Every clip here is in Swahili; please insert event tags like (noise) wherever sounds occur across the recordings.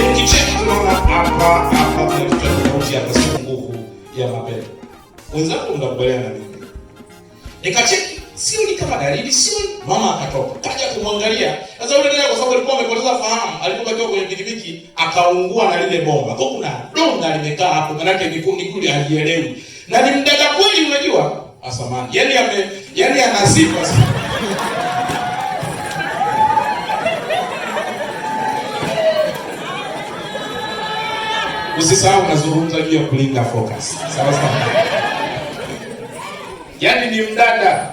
kile hapa hapa kuna tofauti hapa, sio nguvu ya mapepo. Wenzangu mnakubaliana na mimi? Nikacheki sio ni kama dalili sio. Mama akatoka kaja kumwangalia. Sasa yule dada, kwa sababu alikuwa amepoteza fahamu, alipobakiwa kwenye pikipiki akaungua na lile bomba, kwa kuna donda limekaa hapo, maana yake mikundi kuli hajielewi, na ni mdada kweli, unajua asamani, yaani ame yaani anasifa sana Usisahau nazungumza juu ya kulinda focus. Sawa sawa. Yaani ni mdada.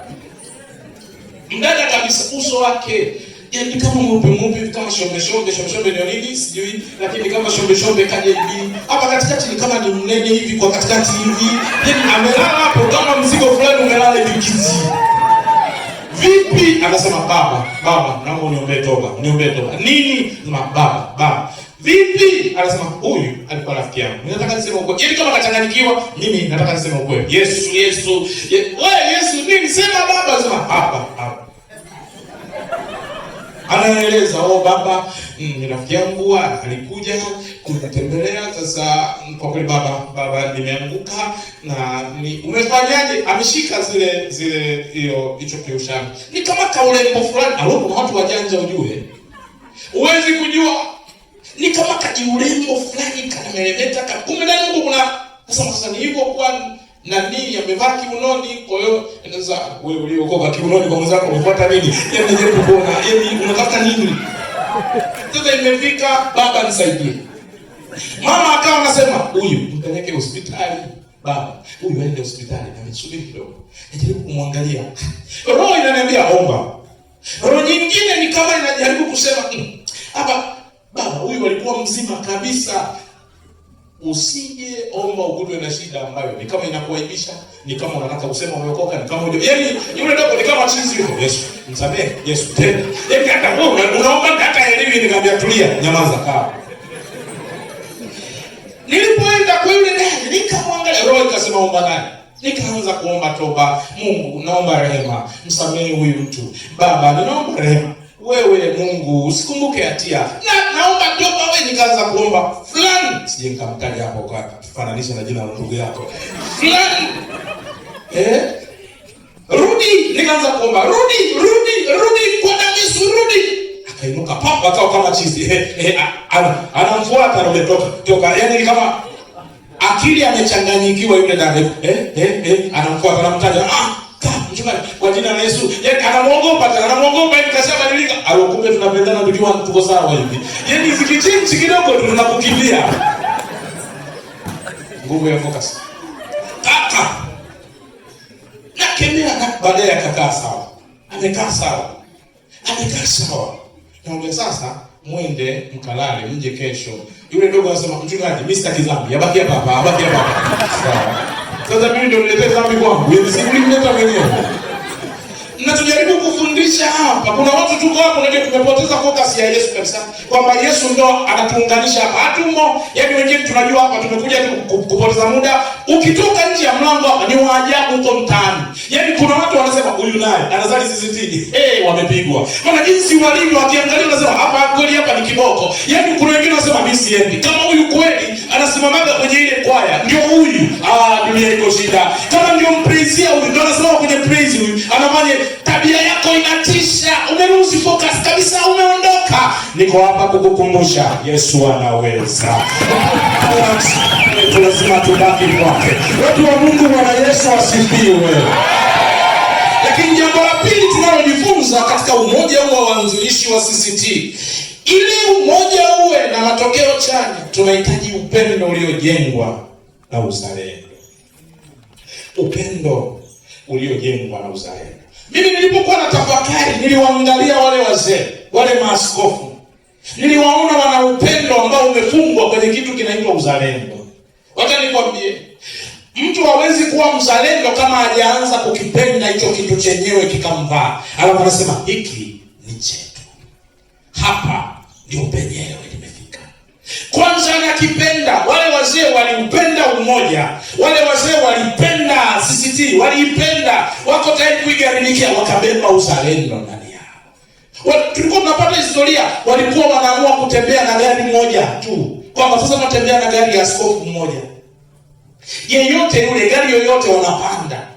Mdada kabisa uso wake. Yaani kama mupe mupe kama shombe shombe shombe shombe ni nini sijui lakini kama shombe shombe kaje hivi. Hapa katikati ni kama ni mnene hivi kwa katikati hivi. Yaani amelala hapo kama mzigo fulani umelala hivi kizi. Vipi? Anasema baba, baba, naomba uniombee toba, uniombee toba. Nini? Anasema baba, baba. Vipi? Anasema huyu alikuwa rafiki yangu. Nataka niseme ukweli. Ili yaani kama kachanganyikiwa, mimi nataka niseme ukweli. Yesu, Yesu. Ye, wewe Yesu nini? Sema baba, sema hapa hapa. Anaeleza, oh baba, mm, ni rafiki yangu alikuja kunitembelea. Sasa mm, kwa kweli baba, baba nimeanguka na ni umefanyaje? Ameshika zile zile hiyo hicho kiushani. Ni kama kaulembo fulani. Alafu watu wajanja ujue. Uwezi kujua ni kama kajiurembo fulani kanameremeta kana kumbe ndani huko kuna sasa. Sasa ni hivyo kwa nani amevaa kiunoni, kwa hiyo sasa wewe uliokoka kiunoni kwa mwenzako umefuata nini? Yaani jaribu kuona, yeye unataka nini? Sasa imefika baba, nisaidie. Mama akawa anasema huyu mpeleke hospitali baba, huyu aende hospitali na msubiri kidogo. Najaribu kumwangalia. Roho inaniambia omba. Roho nyingine ni kama inajaribu kusema mm, mzima kabisa. Usije omba ugundwe na shida ambayo ni kama inakuaibisha, ni kama unataka kusema umeokoka, ni kama hujui. Yaani yule dogo ni kama chizi yule. Yesu, msamehe. Yesu tena. Yaani hata wewe unaomba hata elimu yaani nikamwambia tulia, nyamaza kaa. Nilipoenda kwa yule dada, nikamwangalia roho ikasema omba nani? Nikaanza kuomba toba, Mungu naomba rehema, msamehe huyu mtu. Baba, ninaomba rehema wewe Mungu usikumbuke hatia. Na naomba doba wewe, nikaanza kuomba fulani, sije nikamtaja hapo kwa kufananisha na jina la ndugu yako fulani, eh, rudi. Nikaanza kuomba rudi, rudi, rudi kwa Damisu, rudi. Akainuka papa, akao kama chizi, eh, eh, anamfuata na umetoka toka, yani ni kama akili amechanganyikiwa yule dada, eh, eh, eh, anamfuata, anamtaja ah kwa jina la Yesu. Yaani anamuogopa tena, anamuogopa yaani kashabadilika. Alokumbe tunapendana tukiwa tuko sawa hivi. Yaani zikichinchi kidogo tu tunakukimbia. Nguvu ya focus. Kaka. Nakemea na baadaye akakaa sawa. Amekaa sawa. Amekaa sawa. Naomba sasa mwende mkalale, mje kesho. Yule dogo anasema mchungaji, mimi sitaki dhambi. Abaki hapa hapa, abaki hapa. Sawa. Sasa mimi ndio niletee dhambi kwangu. Yeye si mlileta mwenyewe mnatujaribu kufundisha hapa. Kuna watu tuko hapo, unajua, tumepoteza focus ya Yesu kabisa, kwamba Yesu ndo anatuunganisha hapa, hatumo. Yaani wengine tunajua hapa tumekuja kupoteza muda. Ukitoka nje ya mlango hapa ni waajabu huko mtaani. Yaani kuna watu wanasema huyu naye anazali CCTV. Eh, hey, wamepigwa. Maana jinsi walivyo wakiangalia wanasema hapa kweli hapa ni kiboko. Yaani kuna wengine wanasema mimi siendi. Kama huyu kweli anasimamaga kwenye ile kwaya, ndio huyu. Ah, dunia iko shida. Kama ndio mpraise huyu, ndio anasema kwenye praise huyu. Anafanya tabia yako inatisha, umeruzi focus kabisa, umeondoka. Niko hapa kukukumbusha Yesu anaweza. Lazima tubaki kwake. Watu wa Mungu, Bwana Yesu asifiwe. Lakini jambo la pili tunalojifunza katika umoja huo wa waanzilishi wa CCT ili umoja uwe na matokeo chanya, tunahitaji upendo uliojengwa na uzalendo. Upendo uliojengwa na uzalendo. Mimi nilipokuwa na tafakari, niliwaangalia wale wazee, wale maaskofu, niliwaona wana upendo ambao umefungwa kwenye kitu kinaitwa uzalendo. Wacha nikwambie, mtu hawezi kuwa mzalendo kama hajaanza kukipenda hicho kitu chenyewe kikamvaa. Alafu anasema hiki ni chetu, hapa ndio penyewe limefika. Kwanza anakipenda wale wazee waliupenda umoja, wale wazee walipenda CCT, waliipenda, wako tayari kuigarimikia, wakabeba uzalendo ndani yao. Tulikuwa tunapata historia, walikuwa wanaamua kutembea na gari moja tu, kwamba sasa natembea na gari ya askofu mmoja, yeyote yule, gari yoyote wanapanda.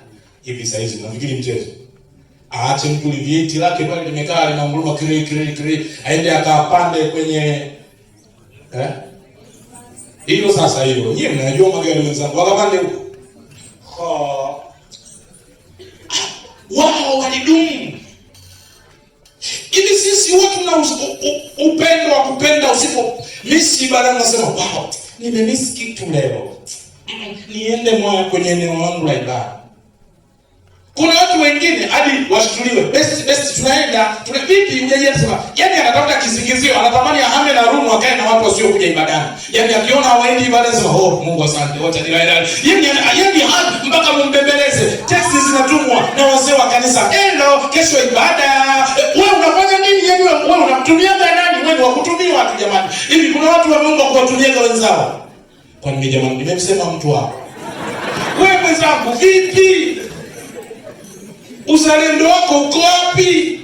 Hivi sasa hizi nafikiri mchezo aache mtu livieti lake pale limekaa linamluma kirei kirei kirei, aende akapande kwenye eh? Hiyo sasa hiyo. Nyie mnajua magari wenzangu wakapande huko. Wao walidumu. Ili sisi wote tuna upendo wa kupenda usipo misi ibada nasema wow, nimemiss kitu leo. Niende mwa kwenye eneo langu la ibada. Kuna watu wengine hadi washutuliwe best best, tunaenda tuna vipi, ujaje sema, yani anatafuta kisingizio, anatamani ahame na rumu akae na watu wasio kuja ibadani, yani akiona hawaendi ibada sema oh, Mungu asante, wacha nila ila yani yani hadi mpaka mumbembeleze. Text zinatumwa na wazee wa kanisa, endo kesho ibada. Wewe unafanya nini? Yani wewe unamtumia nani? Wewe wakutumia watu jamani, hivi kuna watu wameomba kuwatumia wenzao, kwa nini jamani, nimemsema mtu wako wewe mwenzangu vipi? Uzalendo wako uko wapi?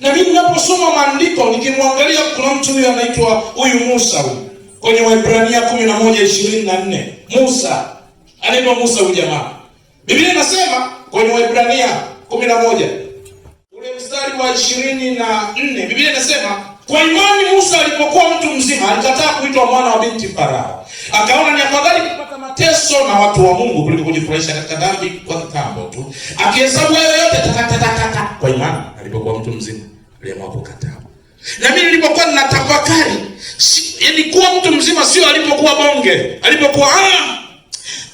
Na mimi ninaposoma maandiko nikimwangalia, kuna mtu huyu anaitwa huyu Musa huyu kwenye Waebrania 11:24 Musa anaitwa Musa huyu jamaa. Biblia inasema kwenye Waebrania 11 ule mstari wa 24 Biblia inasema kwa imani Musa alipokuwa mtu mzima alikataa kuitwa mwana wa binti Farao. Akaona ni afadhali kupata mateso na watu wa Mungu kuliko kujifurahisha katika dhambi kwa kitambo tu. Akihesabu hayo yote takatakataka kwa imani alipokuwa mtu mzima aliamua kukataa. Na mimi nilipokuwa ninatafakari, kuwa mtu mzima sio alipokuwa bonge, alipokuwa ah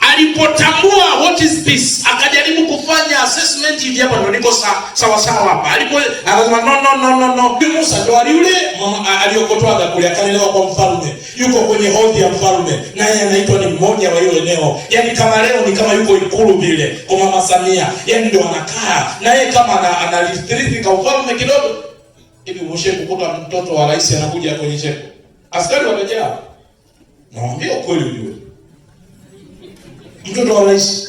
Alipotambua what is this, akajaribu kufanya assessment hivi, hapa ndo niko sawa sawa hapa. Alipo akasema no no no no no. Musa ndo yule aliyokotoa kule, akalelewa kwa mfalme, yuko kwenye hodi ya mfalme, naye anaitwa ni mmoja wa hiyo eneo. Yani kama leo ni kama yuko ikulu vile kwa mama Samia, yani ndo anakaa naye kama analithiriki kwa mfalme kidogo hivi. Mwisho kukuta mtoto wa rais anakuja kwenye cheko, askari wamejaa, naambia ukweli ujue mtoto wa rais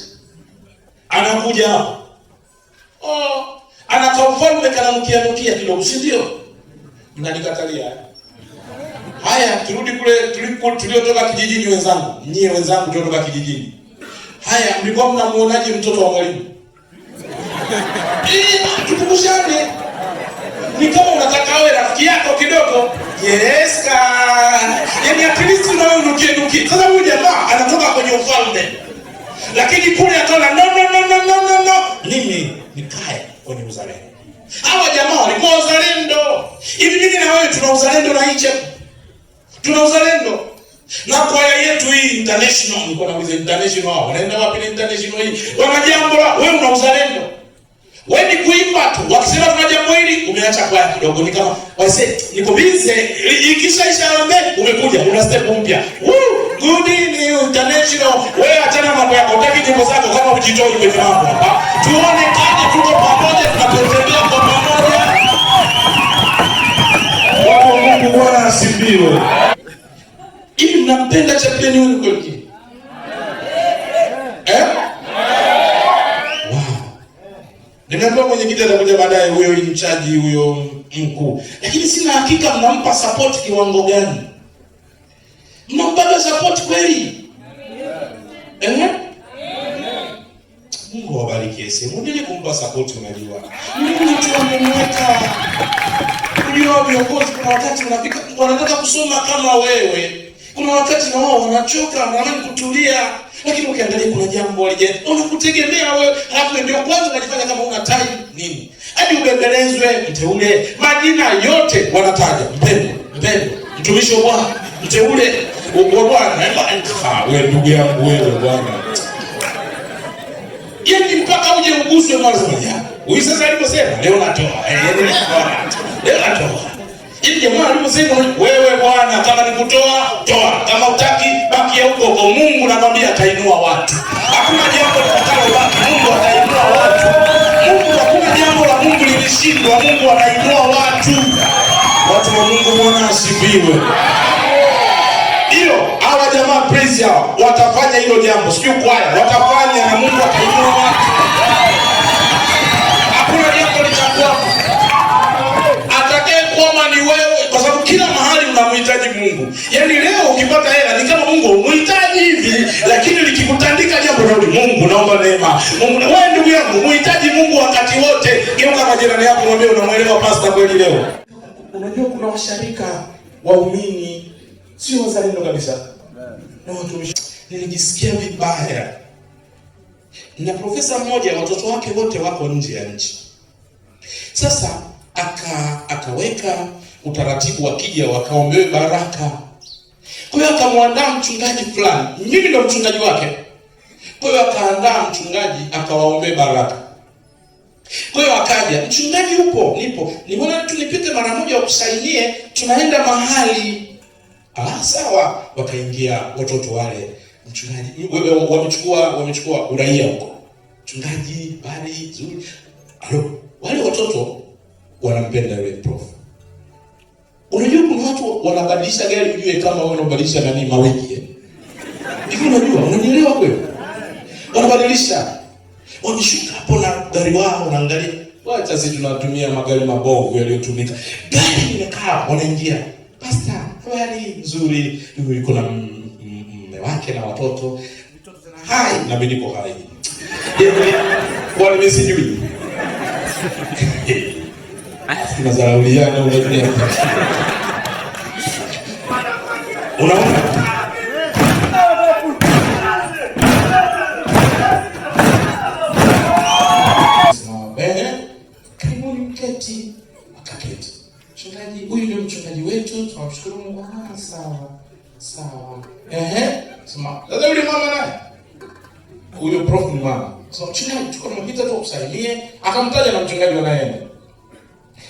anakuja hapo, oh, anakamfalme kanamkia mkia kidogo, si ndio? Mnanikatalia haya. Turudi kule tuliko tuliotoka kijijini, wenzangu, nyie wenzangu tuliotoka kijijini. Haya, mlikuwa mnamuonaje mtoto wa mwalimu? Eh, tukumbushane, ni kama unataka awe rafiki yako kidogo. Yes ka, yani at least unaonukie nukie. Sasa huyu jamaa anatoka kwenye ufalme lakini kule akaona no, no, no, no, no, no, no, mimi nikae kwenye uzalendo. Hawa jamaa walikuwa uzalendo. Hivi mimi na wewe tuna uzalendo na Egypt, tuna uzalendo na kwaya yetu hii international, niko na wizi international. Hao wanaenda wapi na international hii? Wana jambo la wewe, una uzalendo wewe, ni kuimba tu. Wakisema tuna jambo hili, umeacha kwaya kidogo, ni kama wase, niko busy, ikisha isha, umekuja una step mpya woo Rudi ni international. Wewe achana mambo yako, utaki jimbo zako kama ujitoi kwenye mambo hapa. Ah, tuone kama tuko pamoja, tunatembea kwa pamoja. Wapo Mungu Bwana asifiwe. Hivi mnampenda champion wenu kweli? Eh? eh? Wow. Nimeambiwa mwenyekiti atakuja baadaye, huyo mchaji huyo mkuu, lakini sina hakika mnampa support kiwango gani. Mnampata support kweli? Eh? Mungu awabariki ese. Mwendelee kumpa support unajua. Mimi tu amemweka. Unajua viongozi kuna wakati unafika wanataka kusoma kama wewe. Kuna wakati na wao wanachoka, wanataka kutulia. Lakini ukiangalia kuna jambo lije. Unakutegemea wewe, halafu ndio kwanza unajifanya kama una time nini? Hadi ubembelezwe, mteule. Majina yote wanataja, mpendwa, mpendwa, mtumishi wa Bwana, mteule Bwana, hema nitafaa wewe, ndugu yangu wewe, bwana. Yaani mpaka uje uguswe mara moja. Huyu sasa aliposema leo natoa, eh, leo natoa. Ili jamaa aliposema wewe bwana, kama nikutoa toa, kama utaki baki huko huko. Mungu nakwambia atainua watu. Hakuna jambo litakalo baki, Mungu atainua watu. Mungu, hakuna jambo la Mungu lilishindwa, Mungu atainua watu. Watu wa Mungu, Bwana asifiwe hawa jamaa prince hawa watafanya hilo jambo, sio kwaya, watafanya na Mungu atainua watu. Hakuna jambo litakuwapo, atakayekuoma ni wewe, kwa sababu kila mahali unamhitaji Mungu. Yaani leo ukipata hela ni kama Mungu umhitaji hivi, lakini likikutandika jambo la Mungu, naomba neema Mungu. Wewe ndugu yangu, muhitaji Mungu wakati wote. Geuka kwa jirani yako, mwambie unamwelewa pastor kweli leo. Unajua kuna washarika waumini sio wazalendo kabisa. Nilijisikia vibaya. Na profesa mmoja watoto wake wote wako nje ya nchi. Sasa aka akaweka utaratibu wakija wakaombewe baraka. Kwa hiyo akamwandaa mchungaji fulani, mimi ndo mchungaji wake. Kwa hiyo akaandaa mchungaji akawaombee baraka. Kwa hiyo akaja mchungaji, upo? Nipo. Nimeona tu nipite mara moja wakusainie, tunaenda mahali Ah, sawa, wakaingia watoto wale. Mchungaji wewe wamechukua wamechukua uraia huko, mchungaji bali zuri. Alo, wale watoto wanampenda yule prof. Unajua kuna watu wanabadilisha gari, ujue kama wao wanabadilisha nani mawiki eh? Hivi unajua, unanielewa kweli? Wanabadilisha wameshuka hapo na gari wao, wanaangalia, wacha sisi tunatumia magari mabovu yaliyotumika, gari limekaa, wanaingia Pastor, fulani nzuri, yuko na mume wake na watoto hai, na mimi niko hai kwa mimi sijui tunazarauliana, unaona huyo prof ni mama. So mchungaji alichukua mmoja tu akusalimie, akamtaja na mchungaji wanaenda.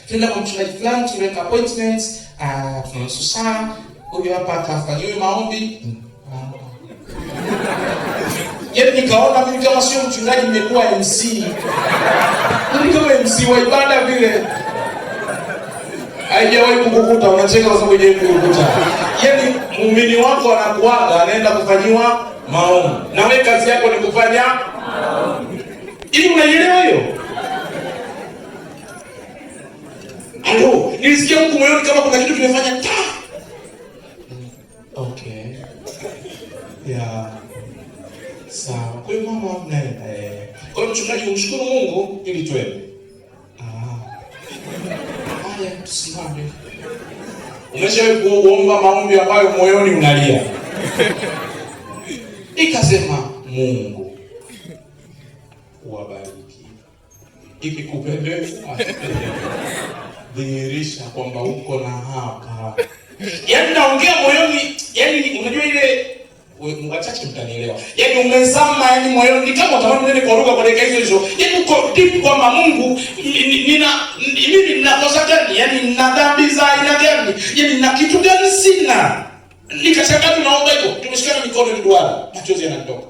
Tunaenda kwa mchungaji fulani, tuweka appointments, ah uh, tunahusu saa, huyo hapa atafanyia maombi. Ah. Yaani nikaona mimi kama sio mchungaji nimekuwa MC. Mimi kama MC wa ibada vile. Haijawahi kukukuta, unacheka kwa sababu haijawahi kukukuta. Yaani muumini wako anakuaga anaenda kufanyiwa maombi. Na wewe kazi yako ni kufanya maombi. ili unaelewa hiyo? Halo, nilisikia huko moyoni kama kuna kitu tumefanya ta. Okay. Yeah. Sawa. Kwa hiyo mama naenda. eh. Kwa hiyo mchungaji, umshukuru Mungu ili twende. Ah. Haya, tusimame. Umeshawahi kuomba maombi ambayo moyoni unalia? Nikasema Mungu wabariki, ikikupendeza (laughs) dhihirisha kwamba uko na hapa. Yaani naongea moyoni, yaani unajua ile wachache mtanielewa. Yaani umezama yaani moyoni ni kama utaona nene kwa lugha kwa dakika hizo hizo. Yaani uko deep kwamba Mungu nina mimi ninakosa gani? Yaani nina dhambi za aina gani? Yaani nina kitu gani sina? Nikasema tunaomba hivyo, tumeshikana mikono ni duara, machozi yanatoka.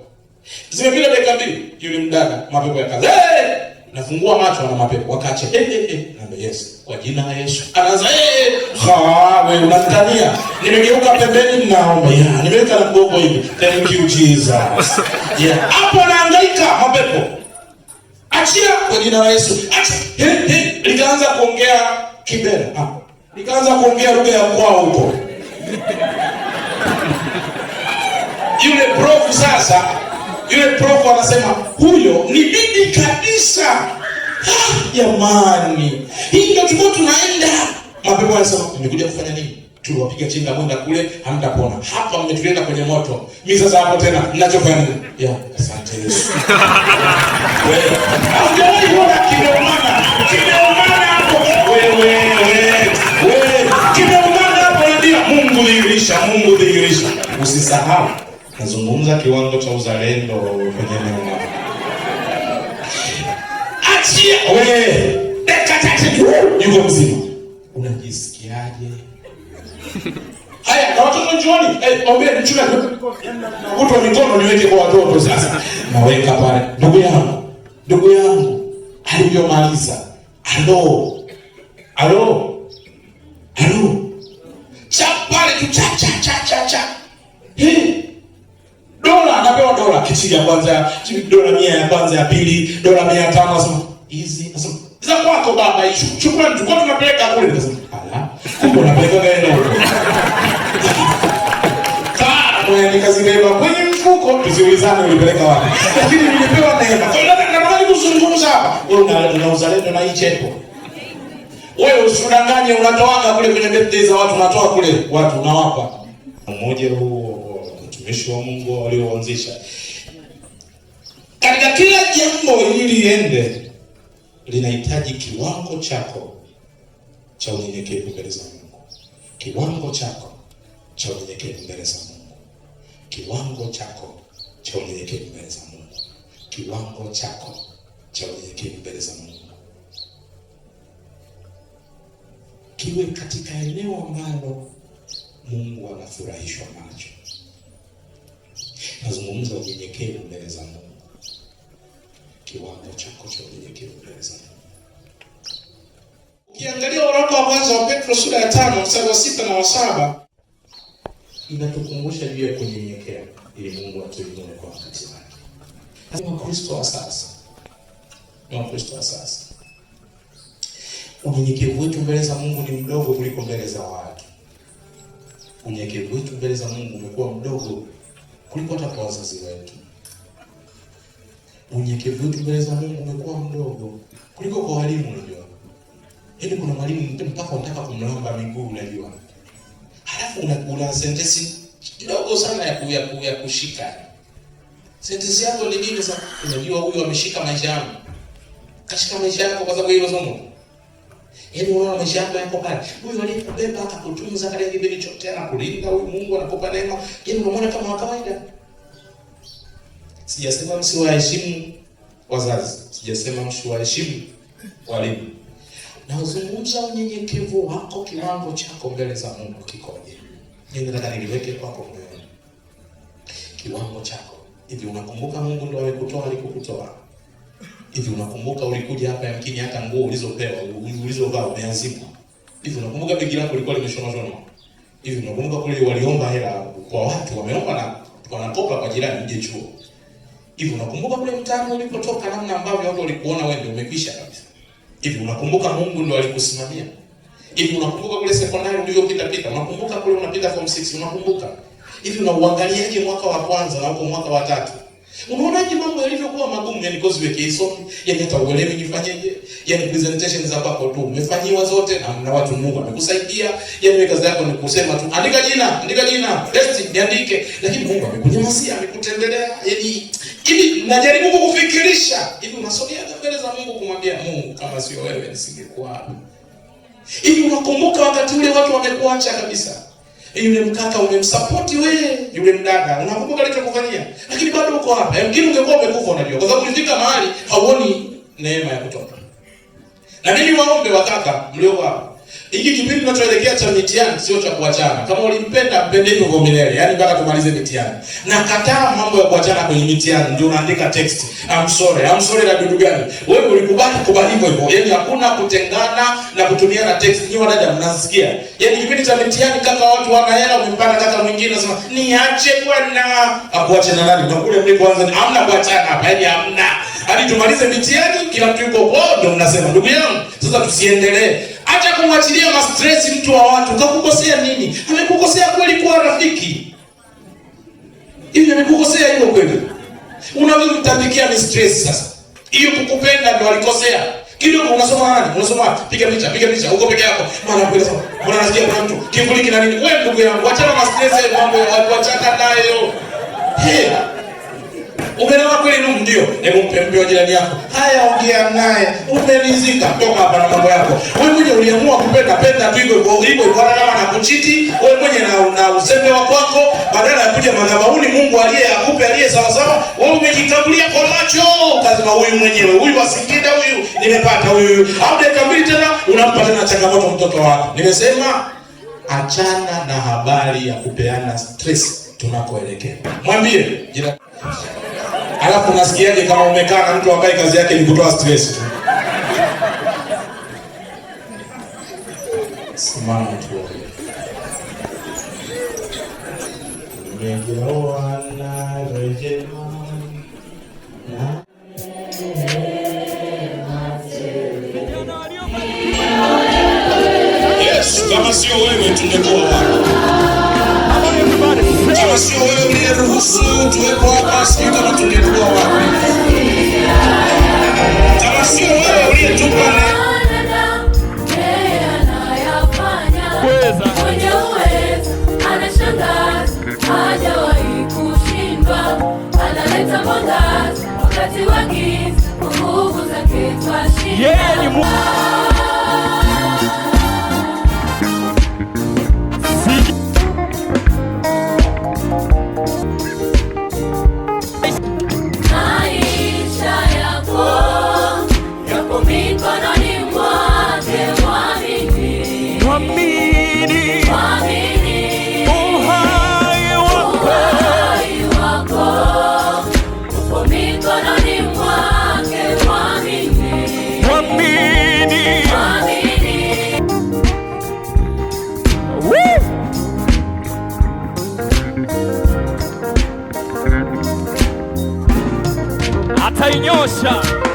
Zimepita dakika mbili, yule mdada mapepo yakaza. Hey! Nafungua macho na mapepo wakache. Eh hey, hey, eh hey. Yes, kwa jina la Yesu. Anaanza eh hey. Ha, wewe unatania. Nimegeuka pembeni naomba. Yeah, nimeweka na mgongo hivi. Thank you Jesus. Yeah, hapo naangaika mapepo. Achia kwa jina la Yesu. Achia. Hey, hey. Nikaanza kuongea kibera hapo. Nikaanza kuongea lugha ya kwao huko yule profu sasa, yule profu anasema huyo ni bibi kabisa. Ah, jamani, hii ndio tulikuwa tunaenda. Mapepo anasema nimekuja kufanya nini? Tuliwapiga chenga, mwenda kule, hamtapona. Hapa mmetulenda kwenye moto, Mi sasa hapo tena ninachofanya nini? Ya, asante Yesu. (laughs) Mungu dhihirisha, Mungu dhihirisha, usisahau nazungumza kiwango cha uzalendo kwenye neema. Achia wewe dakika chache tu yuko mzima, unajisikiaje? Haya, na watoto jioni, eh, ombea nichukue nichuna kutu wa mikono niweke kwa watoto sasa. Naweka pale, ndugu yangu, ndugu yangu alivyomaliza, alo alo alo cha pale tu cha cha cha cha cha hii dola, anapewa dola, kisiki ya kwanza, dola mia ya kwanza, ya pili, dola mia tano, asema hizi za kwako baba, chukua mtu kwa tunapeleka kule. Nikasema ala, kumbe unapeleka gani? Kaa nikazibeba kwenye mfuko, tusiulizane ulipeleka wapi, lakini nilipewa neema. Kwa hiyo nataka nikuzungumza hapa, wewe una uzalendo na hii chepo wewe usidanganye, unatoaga kule kwenye birthday za watu, unatoa kule watu unawapa mmoja huo watumishi wa Mungu walioanzisha katika kila jambo ili liende, linahitaji kiwango chako cha unyenyekevu mbele za Mungu, kiwango chako cha unyenyekevu mbele za Mungu, kiwango chako cha unyenyekevu mbele za Mungu, kiwango chako cha unyenyekevu mbele za Mungu, kiwe katika eneo ambalo Mungu anafurahishwa nacho nazungumza unyenyekevu mbele za Mungu, kiwango chako cha unyenyekevu mbele za Mungu. Ukiangalia waraka wa kwanza wa Petro sura ya tano mstari wa sita na wa saba inatukumbusha juu ya kunyenyekea ili Mungu atuinue kwa wakati wake. Ni Wakristo wa sasa, ni Wakristo wa sasa, unyenyekevu wetu mbele za Mungu ni mdogo kuliko mbele za watu. Unyenyekevu wetu mbele za Mungu umekuwa mdogo kuliko hata kwa wazazi wetu. Unyenyekevu wetu mbele za Mungu umekuwa mdogo kuliko kwa walimu. Unajua, yaani kuna mwalimu mpaka unataka kumlamba miguu, unajua, halafu unakula una sentensi kidogo sana ya, kuya, kuya, kushika sentensi yako ni nini? Sasa unajua, huyu ameshika maisha yangu, kashika maisha yako kwa sababu hiyo somo Hebu wewe maisha yako pale. Huyu aliyekubeba akakutunza kale kibili chote na kulinda huyu Mungu anakupa neema. Yaani unamwona kama wa kawaida. Sijasema msiwaheshimu wazazi. Sijasema msiwaheshimu walimu. Na uzungumza unyenyekevu wako kiwango chako mbele za Mungu kikoje? Mimi nataka niliweke kwako moyoni. Kiwango chako. Hivi unakumbuka Mungu ndio amekutoa alikukutoa? Hivi unakumbuka ulikuja hapa yamkini hata nguo ulizopewa ulizovaa umeazimwa? Hivi unakumbuka begi lako lilikuwa limeshona shona? Hivi unakumbuka kule waliomba hela kwa watu wameomba na wanakopa kwa jirani uje chuo? Hivi unakumbuka kule mtaani ulipotoka namna ambavyo watu walikuona wewe ndio umekwisha kabisa? Hivi unakumbuka Mungu ndio alikusimamia? Hivi unakumbuka kule sekondari ulivyopita pita? Unakumbuka kule unapita form 6 unakumbuka? Hivi unauangaliaje mwaka wa kwanza na uko mwaka wa tatu? Unaonaje mambo yalivyokuwa magumu? Yani kozi weke isomi, yani hata uelewi nifanyeje? Yani presentation za hapo tu umefanyiwa zote na mna watu, Mungu amekusaidia. Yani wewe kazi yako ni kusema tu, andika jina, andika jina, best niandike, lakini Mungu amekunyamazia amekutendelea. Yani ili najaribu kukufikirisha hivi, unasogea mbele za Mungu kumwambia Mungu, kama sio wewe nisingekuwa hapa hivi. Unakumbuka wakati ule watu wamekuacha kabisa Eh, yule mkaka umemsapoti wewe, yule mdada unakumbuka alichokufanyia, lakini bado uko hapa. Yamkini eh, ungekuwa umekufa, unajua, kwa sababu ulifika mahali hauoni neema ya kutoka. Na mimi waombe wakaka mlio hapa hiki kipindi tunachoelekea cha mitihani sio cha kuachana. Kama ulimpenda mpende hivyo milele, yani mpaka tumalize mitihani. Na kataa mambo ya kuachana kwenye mitihani, ndio unaandika text. I'm sorry, I'm sorry na dudu gani? Wewe ulikubali kubali hivyo hivyo. Yaani hakuna kutengana na kutumia na text. Ni wadada mnasikia. Yaani kipindi cha mitihani kaka watu wana hela umempata kaka mwingine anasema niache bwana. Akuache na nani? Na kule mlipoanza hamna kuachana hapa. Yaani hamna. Hadi tumalize mitihani kila mtu yuko bodo mnasema ndugu yangu. Sasa tusiendelee. Acha kumwachilia mastress mtu wa watu. Kakukosea nini? Amekukosea kweli kwa rafiki? Hivi amekukosea hiyo kweli? unavyomtambikia ni stress sasa. Hiyo kukupenda ndio alikosea. kidogo unasoma nani? Unasoma piga picha, piga picha uko peke yako. Maana kweli sasa. Mbona nasikia kuna mtu kivuli kina nini? Wewe ndugu yangu, achana na stress ya mambo ya watu, achana nayo. Hey. Umeelewa kweli ndugu? Ndio. Hebu mpe mbio jirani yako. Haya, ongea naye. Umelizika toka hapa na mambo yako. Wewe mwenye uliamua kupenda penda tu hivyo hivyo hivyo hata kama nakuchiti, wewe mwenye na, na useme wa kwako badala ya kuja madhabahuni Mungu aliye akupe aliye sawa sawa, wewe umejitambulia kwa macho. kazima huyu mwenyewe, huyu asikinde huyu, nimepata huyu. Au dakika mbili tena unampa tena changamoto mtoto wako. Nimesema achana na habari ya kupeana stress tunakoelekea. Mwambie jirani Alafu nasikiaje kama umekaa na mtu ambaye kazi yake ni kutoa stress tu? Simama tu. Yes, kama sio wewe tungekuwa wapi? kama sio wewe uliyeruhusu tuwepo hapa, sijui kama tungekuwa wapi. Kama sio wewe uliyetupa yeye ni Mungu. atainyosha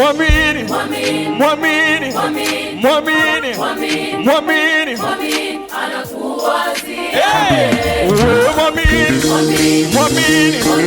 Mwamini, mwamini, mwamini, mwamini anakuwa mwamini